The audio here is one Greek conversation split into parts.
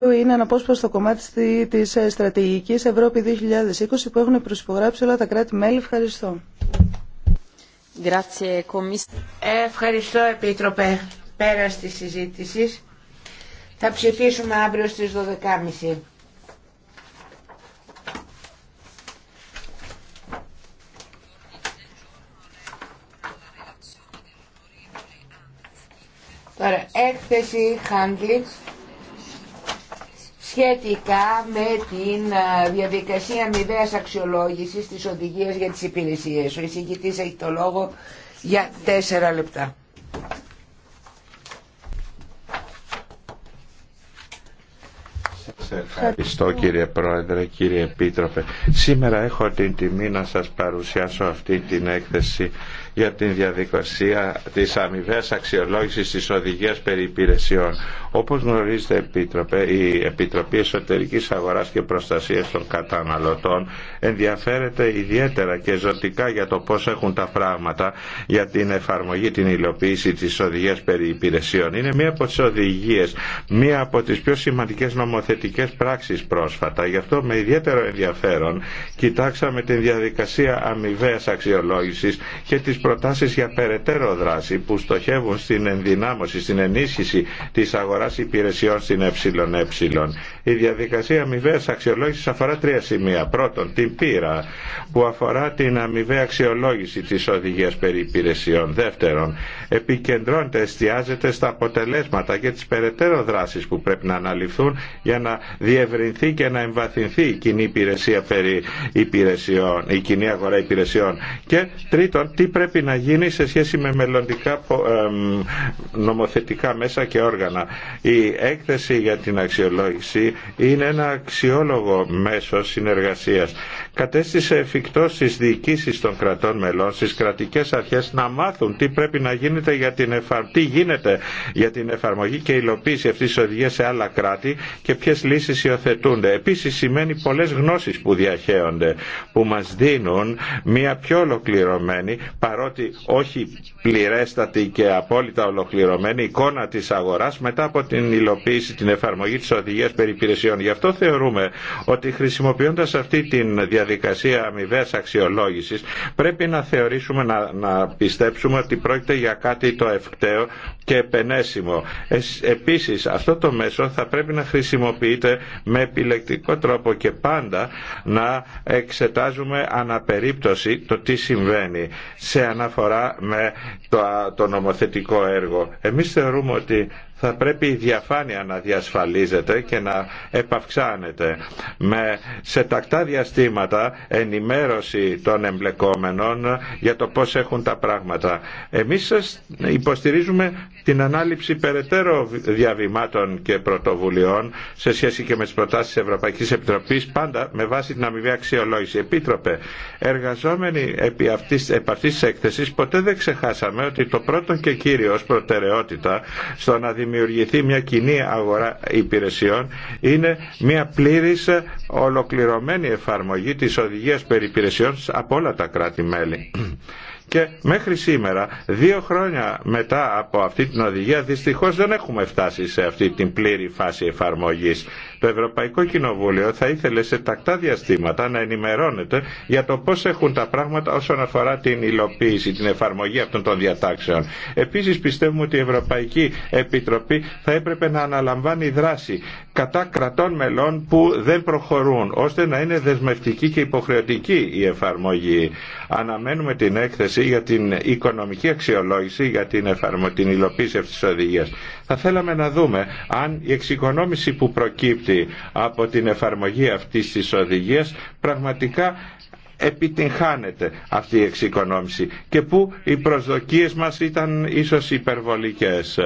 είναι αναπόσπαστο κομμάτι τη ε, Στρατηγική Ευρώπη 2020 που έχουν προσυπογράψει όλα τα κράτη-μέλη. Ευχαριστώ. Ε, ευχαριστώ Επίτροπε. Πέρα τη συζήτηση. Θα ψηφίσουμε αύριο στι 12.30. Τώρα, έκθεση Χάντλιτς σχετικά με την ε, διαδικασία μηδέας αξιολόγησης της οδηγίας για τις υπηρεσίες. Ο εισηγητής έχει το λόγο για τέσσερα λεπτά. Ευχαριστώ κύριε Πρόεδρε, κύριε Επίτροπε. Σήμερα έχω την τιμή να σας παρουσιάσω αυτή την έκθεση για την διαδικασία της αμοιβαία αξιολόγησης της οδηγίας περί υπηρεσιών. Όπως γνωρίζετε, Επίτροπε, η Επιτροπή Εσωτερικής Αγοράς και Προστασίας των Καταναλωτών ενδιαφέρεται ιδιαίτερα και ζωτικά για το πώς έχουν τα πράγματα για την εφαρμογή, την υλοποίηση της οδηγίας περί υπηρεσιών. Είναι μία από τις οδηγίες, μία από τις πιο σημαντικές νομοθετικές πράξεις πρόσφατα. Γι' αυτό με ιδιαίτερο ενδιαφέρον κοιτάξαμε την διαδικασία αμοιβαία αξιολόγηση και τις προτάσεις για περαιτέρω δράση που στοχεύουν στην ενδυνάμωση, στην ενίσχυση της αγοράς υπηρεσιών στην ΕΕ. Η διαδικασία αμοιβαία αξιολόγηση αφορά τρία σημεία. Πρώτον, την πείρα που αφορά την αμοιβαία αξιολόγηση τη οδηγία περί υπηρεσιών. Δεύτερον, επικεντρώνεται, εστιάζεται στα αποτελέσματα και τι περαιτέρω δράσει που πρέπει να αναλυφθούν για να διευρυνθεί και να εμβαθυνθεί η κοινή υπηρεσία περί υπηρεσιών, η κοινή αγορά υπηρεσιών. Και τρίτον, τι πρέπει να γίνει σε σχέση με μελλοντικά νομοθετικά μέσα και όργανα. Η έκθεση για την αξιολόγηση είναι ένα αξιόλογο μέσο συνεργασίας. Κατέστησε εφικτό στις διοικήσεις των κρατών μελών, στις κρατικές αρχές να μάθουν τι πρέπει να γίνεται για την, τι γίνεται για την εφαρμογή και υλοποίηση αυτής της οδηγίας σε άλλα κράτη και ποιες λύσεις υιοθετούνται. Επίσης σημαίνει πολλές γνώσεις που διαχέονται, που μας δίνουν μια πιο ολοκληρωμένη, παρότι όχι πληρέστατη και απόλυτα ολοκληρωμένη εικόνα της αγοράς μετά από την υλοποίηση, την εφαρμογή της οδηγίας περί υπηρεσιών. Γι' αυτό θεωρούμε ότι χρησιμοποιώντας αυτή τη διαδικασία αμοιβαία αξιολόγησης πρέπει να θεωρήσουμε, να, να πιστέψουμε ότι πρόκειται για κάτι το ευκταίο και επενέσιμο. Ε, επίσης αυτό το μέσο θα πρέπει να χρησιμοποιείται με επιλεκτικό τρόπο και πάντα να εξετάζουμε αναπερίπτωση το τι συμβαίνει σε αναφορά με το, το νομοθετικό έργο. Εμείς θεωρούμε ότι θα πρέπει η διαφάνεια να διασφαλίζεται και να επαυξάνεται με σε τακτά διαστήματα ενημέρωση των εμπλεκόμενων για το πώς έχουν τα πράγματα. Εμείς σας υποστηρίζουμε την ανάληψη περαιτέρω διαβημάτων και πρωτοβουλειών σε σχέση και με τις προτάσεις της Ευρωπαϊκής Επιτροπής πάντα με βάση την αμοιβή αξιολόγηση. Επίτροπε, εργαζόμενοι επί αυτής, επ αυτής της έκθεσης ποτέ δεν ξεχάσαμε ότι το πρώτο και κύριο προτεραιότητα στο να δημιουργηθεί μια κοινή αγορά υπηρεσιών είναι μια πλήρης ολοκληρωμένη εφαρμογή της οδηγίας περιπηρεσιών από όλα τα κράτη-μέλη. Και μέχρι σήμερα, δύο χρόνια μετά από αυτή την οδηγία, δυστυχώς δεν έχουμε φτάσει σε αυτή την πλήρη φάση εφαρμογής. Το Ευρωπαϊκό Κοινοβούλιο θα ήθελε σε τακτά διαστήματα να ενημερώνεται για το πώς έχουν τα πράγματα όσον αφορά την υλοποίηση, την εφαρμογή αυτών των διατάξεων. Επίσης πιστεύουμε ότι η Ευρωπαϊκή Επιτροπή θα έπρεπε να αναλαμβάνει δράση κατά κρατών μελών που δεν προχωρούν, ώστε να είναι δεσμευτική και υποχρεωτική η εφαρμογή. Αναμένουμε την έκθεση για την οικονομική αξιολόγηση για την, εφαρμο, την υλοποίηση αυτής της οδηγίας. Θα θέλαμε να δούμε αν η εξοικονόμηση που προκύπτει από την εφαρμογή αυτής της οδηγίας πραγματικά επιτυγχάνεται αυτή η εξοικονόμηση και που οι προσδοκίες μας ήταν ίσως υπερβολικές.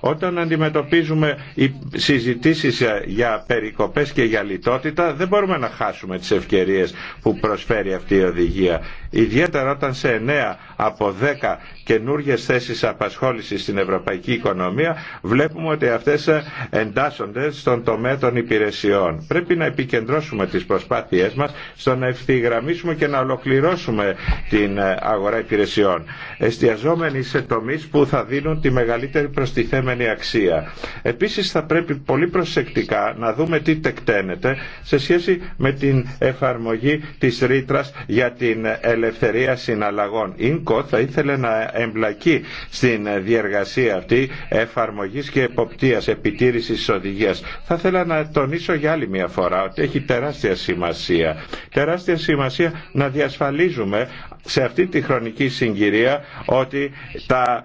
Όταν αντιμετωπίζουμε οι συζητήσεις για περικοπές και για λιτότητα δεν μπορούμε να χάσουμε τις ευκαιρίες που προσφέρει αυτή η οδηγία. Ιδιαίτερα όταν σε 9 από 10 καινούριε θέσεις απασχόλησης στην ευρωπαϊκή οικονομία βλέπουμε ότι αυτές εντάσσονται στον τομέα των υπηρεσιών. Πρέπει να επικεντρώσουμε τις προσπάθειές μας στο να ευθυγραμμίσουμε και να ολοκληρώσουμε την αγορά υπηρεσιών. Εστιαζόμενοι σε τομείς που θα δίνουν τη μεγαλύτερη προστιθέμενη Επίση αξία. Επίσης θα πρέπει πολύ προσεκτικά να δούμε τι τεκταίνεται σε σχέση με την εφαρμογή της ρήτρα για την ελευθερία συναλλαγών. Ίνκο θα ήθελε να εμπλακεί στην διεργασία αυτή εφαρμογής και εποπτείας επιτήρησης της οδηγίας. Θα ήθελα να τονίσω για άλλη μια φορά ότι έχει τεράστια σημασία. Τεράστια σημασία να διασφαλίζουμε σε αυτή τη χρονική συγκυρία ότι τα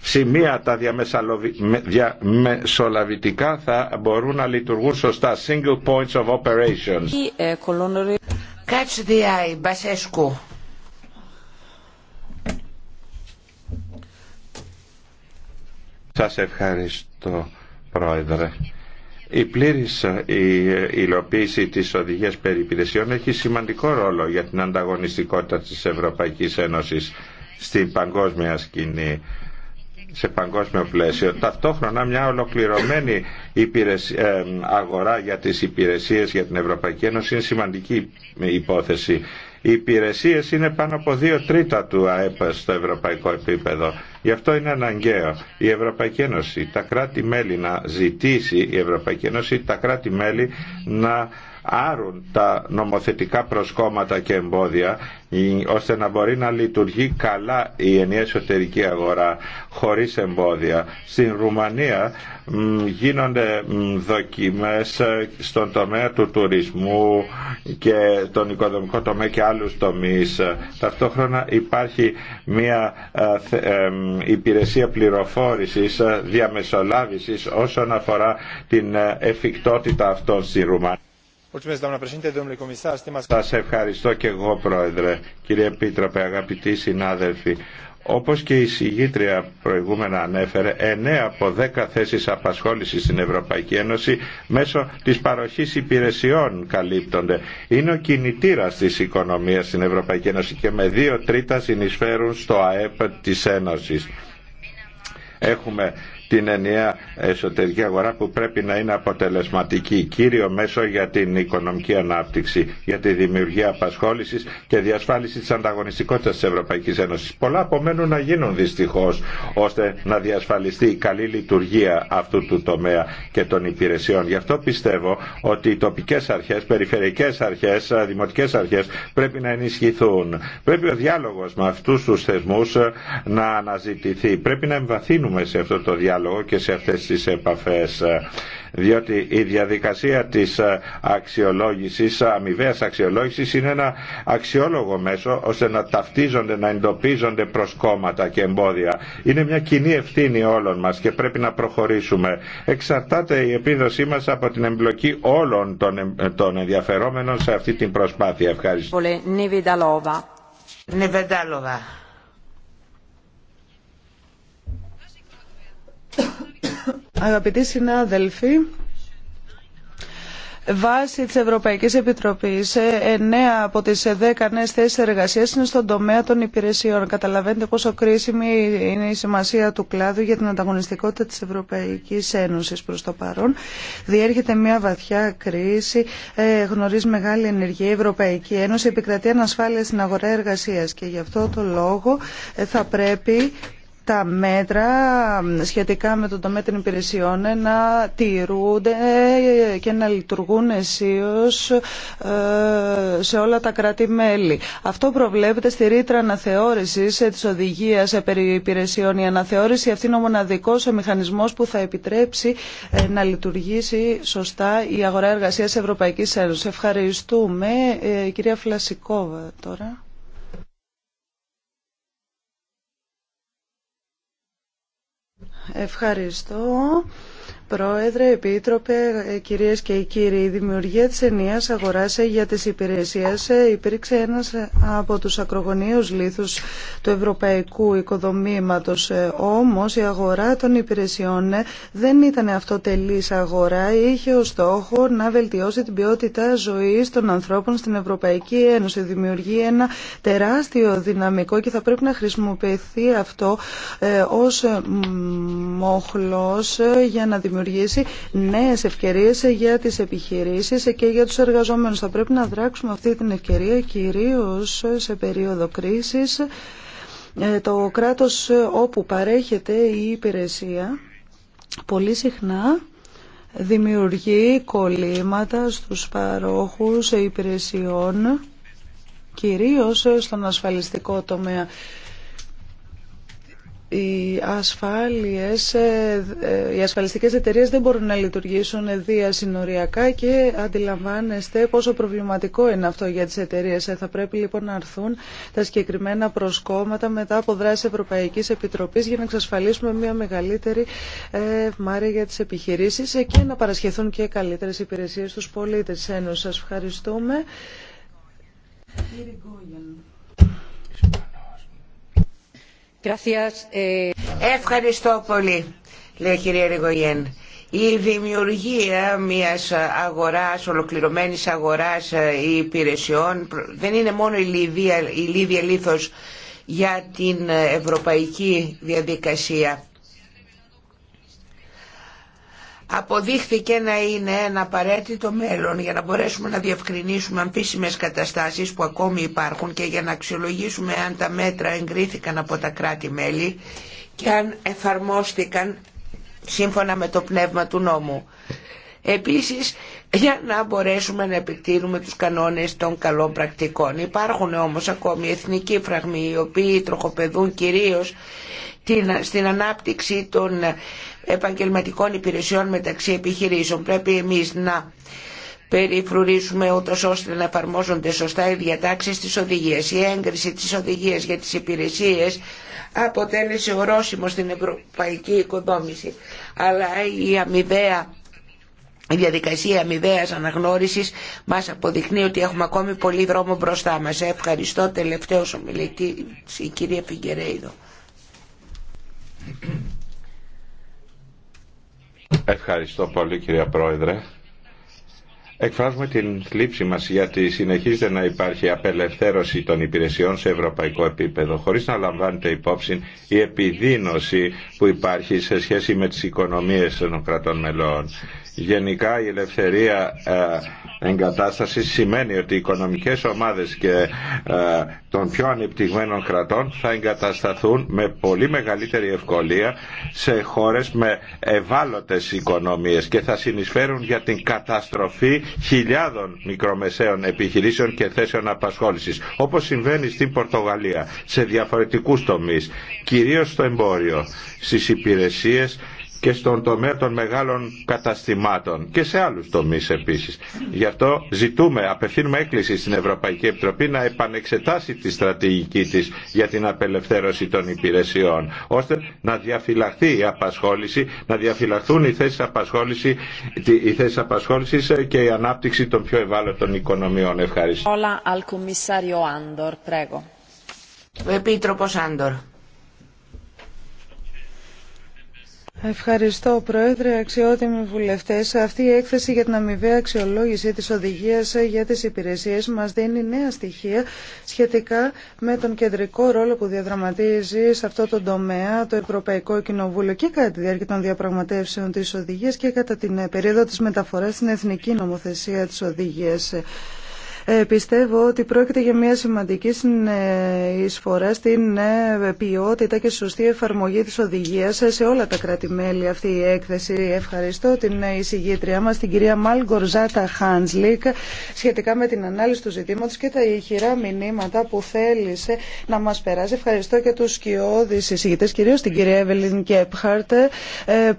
σημεία, τα διαμεσα διαμεσολαβητικά θα μπορούν να λειτουργούν σωστά. Single points of operations. Ε, Catch Σας ευχαριστώ, Πρόεδρε. Η πλήρηση, ε, η ε, υλοποίηση της οδηγίας περιπηρεσιών έχει σημαντικό ρόλο για την ανταγωνιστικότητα της Ευρωπαϊκής Ένωσης στην παγκόσμια σκηνή σε παγκόσμιο πλαίσιο. Ταυτόχρονα μια ολοκληρωμένη υπηρεσία, ε, αγορά για τις υπηρεσίες για την Ευρωπαϊκή Ένωση είναι σημαντική υπόθεση. Οι υπηρεσίες είναι πάνω από δύο τρίτα του ΑΕΠ στο ευρωπαϊκό επίπεδο. Γι' αυτό είναι αναγκαίο η Ευρωπαϊκή Ένωση, τα κράτη-μέλη να ζητήσει η Ευρωπαϊκή Ένωση, τα κράτη-μέλη να άρουν τα νομοθετικά προσκόμματα και εμπόδια ώστε να μπορεί να λειτουργεί καλά η ενιαία εσωτερική αγορά χωρίς εμπόδια. Στην Ρουμανία γίνονται δοκιμές ε, στον τομέα του τουρισμού και τον οικοδομικό τομέα και άλλους τομείς. Ε, ταυτόχρονα υπάρχει μια ε, υπηρεσία πληροφόρησης, διαμεσολάβησης όσον αφορά την εφικτότητα αυτών στη Ρουμανία. Σα ευχαριστώ και εγώ Πρόεδρε, κύριε Επίτροπε, αγαπητοί συνάδελφοι. Όπως και η συγγήτρια προηγούμενα ανέφερε, 9 από 10 θέσεις απασχόλησης στην Ευρωπαϊκή Ένωση μέσω της παροχής υπηρεσιών καλύπτονται. Είναι ο κινητήρας της οικονομίας στην Ευρωπαϊκή Ένωση και με 2 τρίτα συνεισφέρουν στο ΑΕΠ της Ένωσης. Έχουμε την ενιαία εσωτερική αγορά που πρέπει να είναι αποτελεσματική, κύριο μέσο για την οικονομική ανάπτυξη, για τη δημιουργία απασχόληση και διασφάλιση τη ανταγωνιστικότητα τη Ευρωπαϊκή Ένωση. Πολλά απομένουν να γίνουν δυστυχώ ώστε να διασφαλιστεί η καλή λειτουργία αυτού του τομέα και των υπηρεσιών. Γι' αυτό πιστεύω ότι οι τοπικέ αρχέ, περιφερειακέ αρχέ, δημοτικέ αρχέ πρέπει να ενισχυθούν. Πρέπει ο διάλογο με αυτού του θεσμού να αναζητηθεί. Πρέπει να εμβαθύνουμε σε αυτό το διάλογο διάλογο και σε αυτές τις επαφές ε, διότι η διαδικασία της ε, αξιολόγησης, αμοιβαίας αξιολόγησης είναι ένα αξιόλογο μέσο ώστε να ταυτίζονται, να εντοπίζονται προσκόμματα και εμπόδια. Είναι μια κοινή ευθύνη όλων μας και πρέπει να προχωρήσουμε. Εξαρτάται η επίδοσή μας από την εμπλοκή όλων των ενδιαφερόμενων σε αυτή την προσπάθεια. Ευχαριστώ. Αγαπητοί συνάδελφοι, βάσει της Ευρωπαϊκής Επιτροπής, 9 ε, από τις 10 νέες θέσεις εργασίας είναι στον τομέα των υπηρεσιών. Καταλαβαίνετε πόσο κρίσιμη είναι η σημασία του κλάδου για την ανταγωνιστικότητα της Ευρωπαϊκής Ένωσης προς το παρόν. Διέρχεται μια βαθιά κρίση, ε, γνωρίζει μεγάλη ενεργία η Ευρωπαϊκή Ένωση, επικρατεί ανασφάλεια στην αγορά εργασίας και γι' αυτό το λόγο ε, θα πρέπει τα μέτρα σχετικά με τον τομέα των υπηρεσιών να τηρούνται και να λειτουργούν αισίως ε, σε όλα τα κράτη-μέλη. Αυτό προβλέπεται στη ρήτρα αναθεώρηση ε, τη οδηγία ε, περί υπηρεσιών. Η αναθεώρηση αυτή είναι ο μοναδικό μηχανισμός που θα επιτρέψει να λειτουργήσει σωστά η αγορά εργασία ευρωπαϊκή Ένωση. Ευχαριστούμε. Κυρία Φλασικόβα τώρα. Ευχαριστώ. Πρόεδρε, Επίτροπε, κυρίες και κύριοι, η δημιουργία της ενίας αγοράς για τις υπηρεσίες ε, υπήρξε ένας από τους ακρογωνίους λίθους του ευρωπαϊκού οικοδομήματος. Ε, όμως η αγορά των υπηρεσιών ε, δεν ήταν αυτό τελής αγορά, είχε ως στόχο να βελτιώσει την ποιότητα ζωής των ανθρώπων στην Ευρωπαϊκή Ένωση. Δημιουργεί ένα τεράστιο δυναμικό και θα πρέπει να χρησιμοποιηθεί αυτό ως μοχλός για να δημιουργήσει δημιουργήσει νέες ευκαιρίες για τις επιχειρήσεις και για τους εργαζόμενους. Θα πρέπει να δράξουμε αυτή την ευκαιρία κυρίως σε περίοδο κρίσης. Ε, το κράτος όπου παρέχεται η υπηρεσία πολύ συχνά δημιουργεί κολλήματα στους παρόχους υπηρεσιών κυρίως στον ασφαλιστικό τομέα οι ασφάλειες, ε, ε, οι ασφαλιστικές εταιρείες δεν μπορούν να λειτουργήσουν διασυνοριακά και αντιλαμβάνεστε πόσο προβληματικό είναι αυτό για τις εταιρείες. Ε, θα πρέπει λοιπόν να έρθουν τα συγκεκριμένα προσκόμματα μετά από δράση Ευρωπαϊκής Επιτροπής για να εξασφαλίσουμε μια μεγαλύτερη μάρια για τις επιχειρήσεις και να παρασχεθούν και καλύτερες υπηρεσίες στους πολίτες. Ένωση, σας ευχαριστούμε. Eh. Ευχαριστώ πολύ, λέει η κυρία Ριγογέν. Η δημιουργία μιας αγοράς, ολοκληρωμένης αγοράς ε, υπηρεσιών δεν είναι μόνο η Λίβια, η για την ε, ευρωπαϊκή διαδικασία αποδείχθηκε να είναι ένα απαραίτητο μέλλον για να μπορέσουμε να διευκρινίσουμε αμφίσιμες καταστάσεις που ακόμη υπάρχουν και για να αξιολογήσουμε αν τα μέτρα εγκρίθηκαν από τα κράτη-μέλη και αν εφαρμόστηκαν σύμφωνα με το πνεύμα του νόμου. Επίσης για να μπορέσουμε να επεκτείνουμε τους κανόνες των καλών πρακτικών. Υπάρχουν όμως ακόμη εθνικοί φραγμοί οι οποίοι τροχοπεδούν κυρίως στην ανάπτυξη των επαγγελματικών υπηρεσιών μεταξύ επιχειρήσεων. Πρέπει εμείς να περιφρουρήσουμε ούτως ώστε να εφαρμόζονται σωστά οι διατάξεις της οδηγίας. Η έγκριση της οδηγίας για τις υπηρεσίες αποτέλεσε ορόσημο στην ευρωπαϊκή οικοδόμηση. Αλλά η η διαδικασία αμοιβαίας αναγνώρισης μας αποδεικνύει ότι έχουμε ακόμη πολύ δρόμο μπροστά μας. Ευχαριστώ τελευταίο ομιλητή η κυρία Φιγκερέιδο. Ευχαριστώ πολύ κυρία Πρόεδρε. Εκφράζουμε την θλίψη μας γιατί συνεχίζεται να υπάρχει απελευθέρωση των υπηρεσιών σε ευρωπαϊκό επίπεδο χωρίς να λαμβάνεται υπόψη η επιδείνωση που υπάρχει σε σχέση με τις οικονομίες των κρατών μελών. Γενικά η ελευθερία ε, εγκατάσταση σημαίνει ότι οι οικονομικές ομάδες και ε, των πιο ανεπτυγμένων κρατών θα εγκατασταθούν με πολύ μεγαλύτερη ευκολία σε χώρες με ευάλωτες οικονομίες και θα συνεισφέρουν για την καταστροφή χιλιάδων μικρομεσαίων επιχειρήσεων και θέσεων απασχόλησης, όπως συμβαίνει στην Πορτογαλία, σε διαφορετικούς τομείς, κυρίως στο εμπόριο, στις υπηρεσίες, και στον τομέα των μεγάλων καταστημάτων και σε άλλους τομείς επίσης. Γι' αυτό ζητούμε, απευθύνουμε έκκληση στην Ευρωπαϊκή Επιτροπή να επανεξετάσει τη στρατηγική της για την απελευθέρωση των υπηρεσιών, ώστε να διαφυλαχθεί η απασχόληση, να διαφυλαχθούν οι θέσεις, απασχόληση, οι θέσεις απασχόλησης και η ανάπτυξη των πιο ευάλωτων οικονομιών. Ευχαριστώ. Επίτροπος Άντορ. Ευχαριστώ Πρόεδρε, αξιότιμοι βουλευτές. Αυτή η έκθεση για την αμοιβαία αξιολόγηση της οδηγίας για τις υπηρεσίες μας δίνει νέα στοιχεία σχετικά με τον κεντρικό ρόλο που διαδραματίζει σε αυτό το τομέα το Ευρωπαϊκό Κοινοβούλιο και κατά τη διάρκεια των διαπραγματεύσεων της οδηγίας και κατά την περίοδο της μεταφοράς στην Εθνική Νομοθεσία της Οδηγίας. Ε, πιστεύω ότι πρόκειται για μια σημαντική εισφορά στην ε, ποιότητα και σωστή εφαρμογή της οδηγίας σε όλα τα κράτη-μέλη αυτή η έκθεση. Ευχαριστώ την εισηγήτριά μας, την κυρία Μάλγκορζάτα Χάνσλικ, σχετικά με την ανάλυση του ζητήματος και τα ηχηρά μηνύματα που θέλησε να μας περάσει. Ευχαριστώ και τους σκιώδεις εισηγητές, κυρίως την κυρία Εύελιν Κέπχαρτ, ε,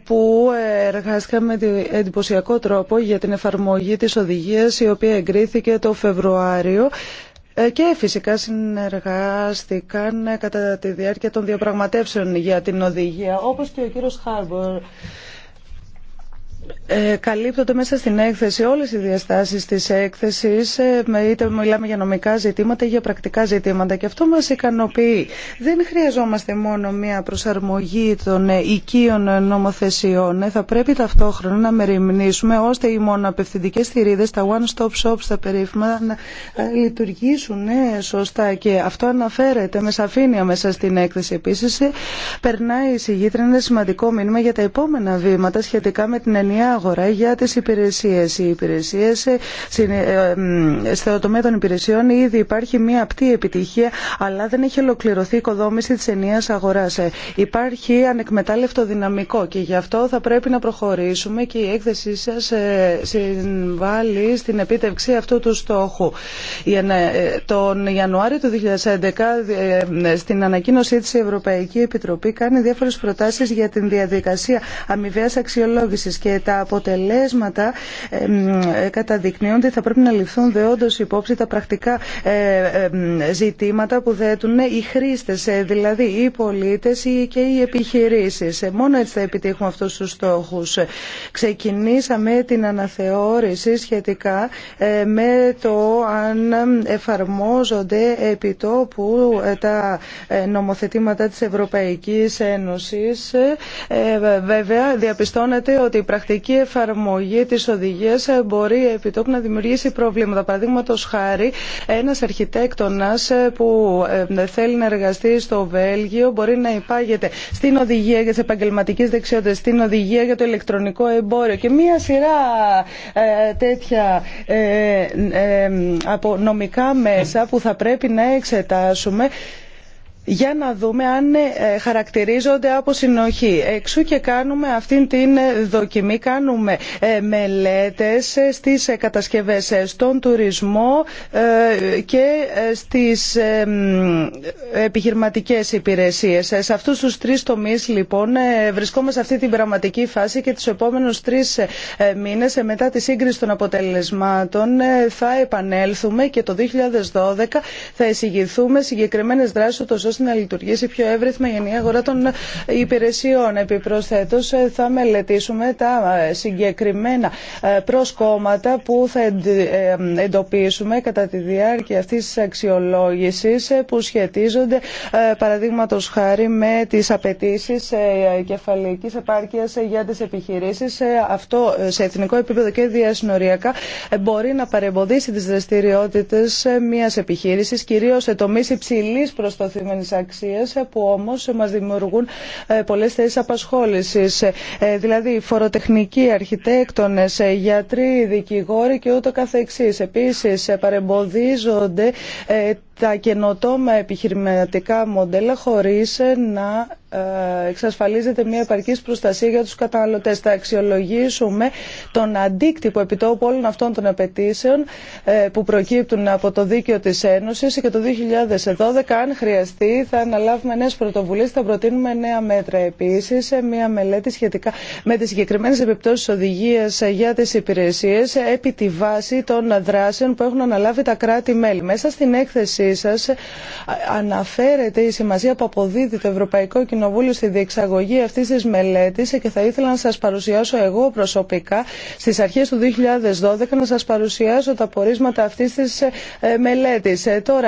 που εργάστηκαν με εντυπωσιακό τρόπο για την εφαρμογή της οδηγίας, η οποία εγκρίθηκε το Φεβρουάριο Φεβρουάριο ε, και φυσικά συνεργάστηκαν ε, κατά τη διάρκεια των διαπραγματεύσεων για την οδηγία, όπως και ο κύριος Χάρμπορ. Ε, καλύπτονται μέσα στην έκθεση όλες οι διαστάσεις της έκθεσης ε, είτε μιλάμε για νομικά ζητήματα ή για πρακτικά ζητήματα και αυτό μας ικανοποιεί. Δεν χρειαζόμαστε μόνο μια προσαρμογή των οικείων νομοθεσιών. Ε, θα πρέπει ταυτόχρονα να μεριμνήσουμε ώστε οι μοναπευθυντικές θηρίδες, τα one-stop shops, τα περίφημα να λειτουργήσουν σωστά και αυτό αναφέρεται με σαφήνεια μέσα στην έκθεση. Επίσης περνάει η συγγήτρια ένα σημαντικό μήνυμα για τα επόμενα βήματα σχετικά με την μια αγορά για τις υπηρεσίες. Οι υπηρεσίες ε, ε, ε, στο τομέα των υπηρεσιών ήδη υπάρχει μια απτή επιτυχία αλλά δεν έχει ολοκληρωθεί η οικοδόμηση της ενίας αγοράς. Υπάρχει ανεκμετάλλευτο δυναμικό και γι' αυτό θα πρέπει να προχωρήσουμε και η έκθεσή σας συμβάλλει στην επίτευξη αυτού του στόχου. Τον Ιανουάριο του 2011 στην ανακοίνωσή της η Ευρωπαϊκή Επιτροπή κάνει διάφορες προτάσεις για την διαδικασία αμοιβαία αξιολόγηση και τα αποτελέσματα ε, καταδεικνύουν ότι θα πρέπει να ληφθούν δεόντως υπόψη τα πρακτικά ε, ζητήματα που θέτουν οι χρήστες, ε, δηλαδή οι πολίτες και οι επιχειρήσεις. Μόνο έτσι θα επιτύχουμε αυτού του στόχου. Ξεκινήσαμε την αναθεώρηση σχετικά με το αν εφαρμόζονται επί που τα νομοθετήματα της Ευρωπαϊκής Ένωσης. Βέβαια, διαπιστώνεται ότι η πρακτική εφαρμογή τη οδηγία μπορεί επιτόπου να δημιουργήσει προβλήματα. Παραδείγματο χάρη, ένα αρχιτέκτονας που ε, θέλει να εργαστεί στο Βέλγιο μπορεί να υπάγεται στην οδηγία για τι επαγγελματικέ δεξιότητε, στην οδηγία για το ηλεκτρονικό εμπόριο και μία σειρά ε, τέτοια ε, από νομικά μέσα που θα πρέπει να εξετάσουμε για να δούμε αν ε, χαρακτηρίζονται από συνοχή. Εξού και κάνουμε αυτήν την ε, δοκιμή, κάνουμε ε, μελέτες στις κατασκευές, στον τουρισμό και στις επιχειρηματικές υπηρεσίες. Σε αυτούς τους τρεις τομείς λοιπόν βρισκόμαστε σε αυτή την πραγματική φάση και τους επόμενους τρεις μήνες μετά τη σύγκριση των αποτελεσμάτων θα επανέλθουμε και το 2012 θα εισηγηθούμε συγκεκριμένες δράσεις ώστε να λειτουργήσει πιο εύρυθμα η ενιαία αγορά των υπηρεσιών. Επιπροσθέτω, ε, θα μελετήσουμε τα ε, συγκεκριμένα ε, προσκόμματα που θα εντοπίσουμε κατά τη διάρκεια αυτή τη αξιολόγηση που σχετίζονται παραδείγματο χάρη με τι απαιτήσει κεφαλική επάρκεια για τι επιχειρήσει. Αυτό σε εθνικό επίπεδο και διασυνοριακά μπορεί να παρεμποδίσει τις δραστηριότητες μιας επιχείρησης, κυρίω σε τομεί υψηλή προστοθήμενη που όμως μας δημιουργούν ε, πολλές θέσεις απασχόλησης. Ε, δηλαδή φοροτεχνικοί, αρχιτέκτονες, ε, γιατροί, δικηγόροι και ούτω καθεξής. Επίσης παρεμποδίζονται τα καινοτόμα επιχειρηματικά μοντέλα χωρίς να ε, εξασφαλίζεται μια επαρκής προστασία για τους καταναλωτές. Θα αξιολογήσουμε τον αντίκτυπο επιτόπου όλων αυτών των απαιτήσεων ε, που προκύπτουν από το δίκαιο της Ένωσης και το 2012 αν χρειαστεί θα αναλάβουμε νέες πρωτοβουλίες, θα προτείνουμε νέα μέτρα επίσης σε μια μελέτη σχετικά με τις συγκεκριμένες επιπτώσεις οδηγίας ε, για τις υπηρεσίες επί τη βάση των δράσεων που έχουν αναλάβει τα κράτη-μέλη. Μέσα στην έκθεση Αναφέρετε σας αναφέρεται η σημασία που αποδίδει το Ευρωπαϊκό Κοινοβούλιο στη διεξαγωγή αυτή τη μελέτη και θα ήθελα να σας παρουσιάσω εγώ προσωπικά στις αρχές του 2012 να σας παρουσιάσω τα πορίσματα αυτής της ε, μελέτης. Ε, τώρα,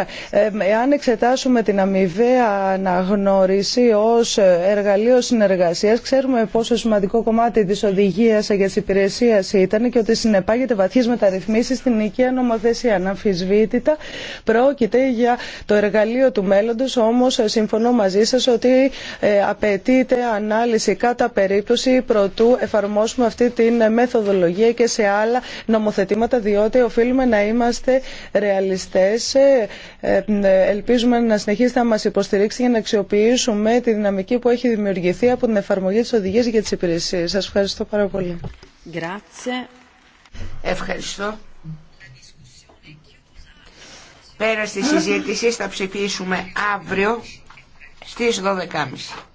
αν ε, εξετάσουμε την αμοιβαία αναγνώριση ως εργαλείο συνεργασίας, ξέρουμε πόσο σημαντικό κομμάτι της οδηγία για τις υπηρεσίες ήταν και ότι συνεπάγεται βαθιές μεταρρυθμίσεις στην οικία νομοθεσία. Αναμφισβήτητα πρόκειται για το εργαλείο του μέλλοντος, όμως ε, συμφωνώ μαζί σας ότι ε, απαιτείται ανάλυση κατά περίπτωση προτού εφαρμόσουμε αυτή τη μεθοδολογία και σε άλλα νομοθετήματα, διότι οφείλουμε να είμαστε ρεαλιστές. Ε, ελπίζουμε να συνεχίσετε να μας υποστηρίξετε για να αξιοποιήσουμε τη δυναμική που έχει δημιουργηθεί από την εφαρμογή της οδηγίας για τις υπηρεσίες. Σας ευχαριστώ πάρα πολύ. Ευχαριστώ. Πέρα στη συζήτηση θα ψηφίσουμε αύριο στις 12.30.